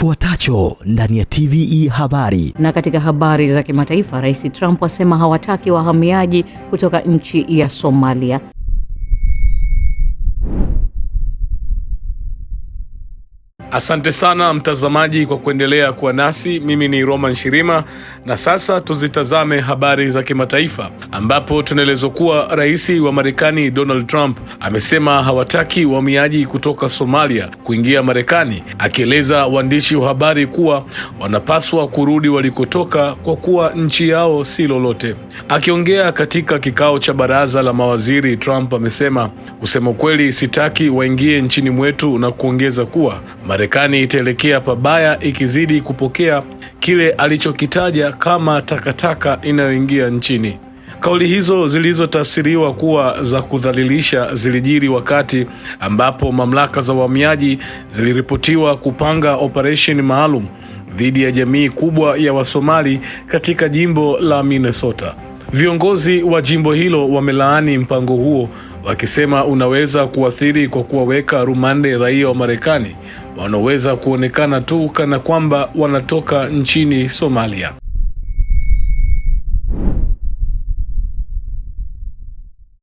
kifuatacho ndani ya TVE Habari. Na katika habari za kimataifa, Rais Trump asema hawataki wahamiaji kutoka nchi ya Somalia. Asante sana mtazamaji kwa kuendelea kuwa nasi. Mimi ni Roman Shirima, na sasa tuzitazame habari za kimataifa, ambapo tunaelezwa kuwa rais wa Marekani Donald Trump amesema hawataki wamiaji kutoka Somalia kuingia Marekani, akieleza waandishi wa habari kuwa wanapaswa kurudi walikotoka kwa kuwa nchi yao si lolote. Akiongea katika kikao cha baraza la mawaziri, Trump amesema, kusema kweli, sitaki waingie nchini mwetu, na kuongeza kuwa Marekani itaelekea pabaya ikizidi kupokea kile alichokitaja kama takataka inayoingia nchini. Kauli hizo zilizotafsiriwa kuwa za kudhalilisha zilijiri wakati ambapo mamlaka za uhamiaji ziliripotiwa kupanga operesheni maalum dhidi ya jamii kubwa ya Wasomali katika jimbo la Minnesota. Viongozi wa jimbo hilo wamelaani mpango huo wakisema unaweza kuathiri kwa kuwaweka rumande raia wa Marekani wanaoweza kuonekana tu kana kwamba wanatoka nchini Somalia.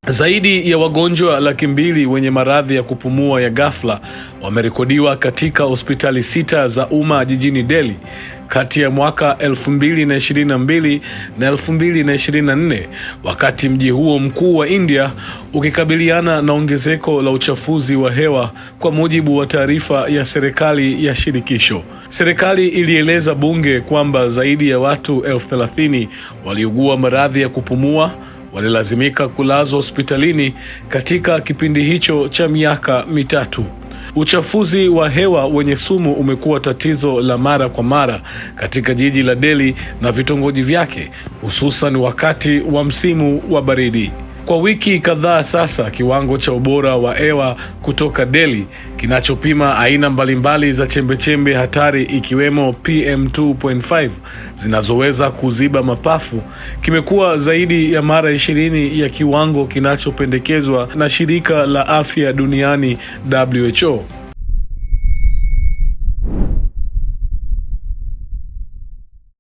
Zaidi ya wagonjwa laki mbili wenye maradhi ya kupumua ya ghafla wamerekodiwa katika hospitali sita za umma jijini Delhi kati ya mwaka 2022 na 2024, wakati mji huo mkuu wa India ukikabiliana na ongezeko la uchafuzi wa hewa, kwa mujibu wa taarifa ya serikali ya shirikisho. Serikali ilieleza bunge kwamba zaidi ya watu elfu waliugua maradhi ya kupumua walilazimika kulazwa hospitalini katika kipindi hicho cha miaka mitatu. Uchafuzi wa hewa wenye sumu umekuwa tatizo la mara kwa mara katika jiji la Delhi na vitongoji vyake, hususan wakati wa msimu wa baridi. Kwa wiki kadhaa sasa, kiwango cha ubora wa hewa kutoka Delhi kinachopima aina mbalimbali za chembechembe -chembe hatari ikiwemo PM2.5 zinazoweza kuziba mapafu kimekuwa zaidi ya mara ishirini ya kiwango kinachopendekezwa na shirika la afya duniani WHO.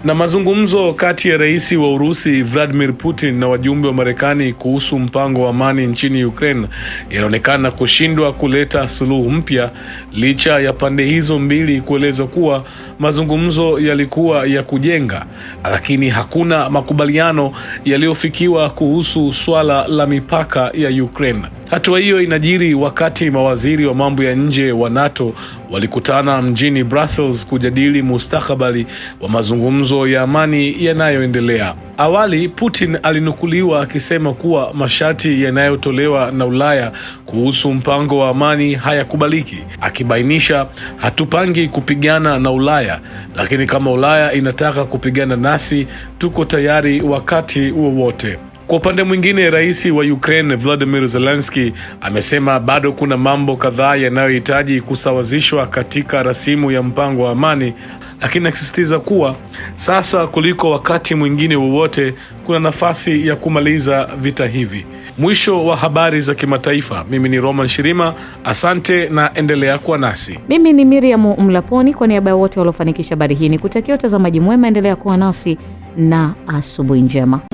Na mazungumzo kati ya rais wa Urusi Vladimir Putin na wajumbe wa Marekani kuhusu mpango wa amani nchini Ukraine yanaonekana kushindwa kuleta suluhu mpya licha ya pande hizo mbili kueleza kuwa mazungumzo yalikuwa ya kujenga, lakini hakuna makubaliano yaliyofikiwa kuhusu swala la mipaka ya Ukraine. Hatua hiyo inajiri wakati mawaziri wa mambo ya nje wa NATO walikutana mjini Brussels kujadili mustakabali wa mazungumzo ya amani yanayoendelea. Awali Putin alinukuliwa akisema kuwa masharti yanayotolewa na Ulaya kuhusu mpango wa amani hayakubaliki, akibainisha, hatupangi kupigana na Ulaya, lakini kama Ulaya inataka kupigana nasi, tuko tayari wakati wowote. Kwa upande mwingine, rais wa Ukraine Vladimir Zelensky amesema bado kuna mambo kadhaa yanayohitaji kusawazishwa katika rasimu ya mpango wa amani, lakini akisisitiza kuwa sasa kuliko wakati mwingine wowote kuna nafasi ya kumaliza vita hivi. Mwisho wa habari za kimataifa. Mimi ni Roman Shirima, asante na endelea kuwa nasi. Mimi ni Miriam Mlaponi, kwa niaba ya wote waliofanikisha habari hii ni kutakia utazamaji mwema, endelea kuwa nasi na asubuhi njema.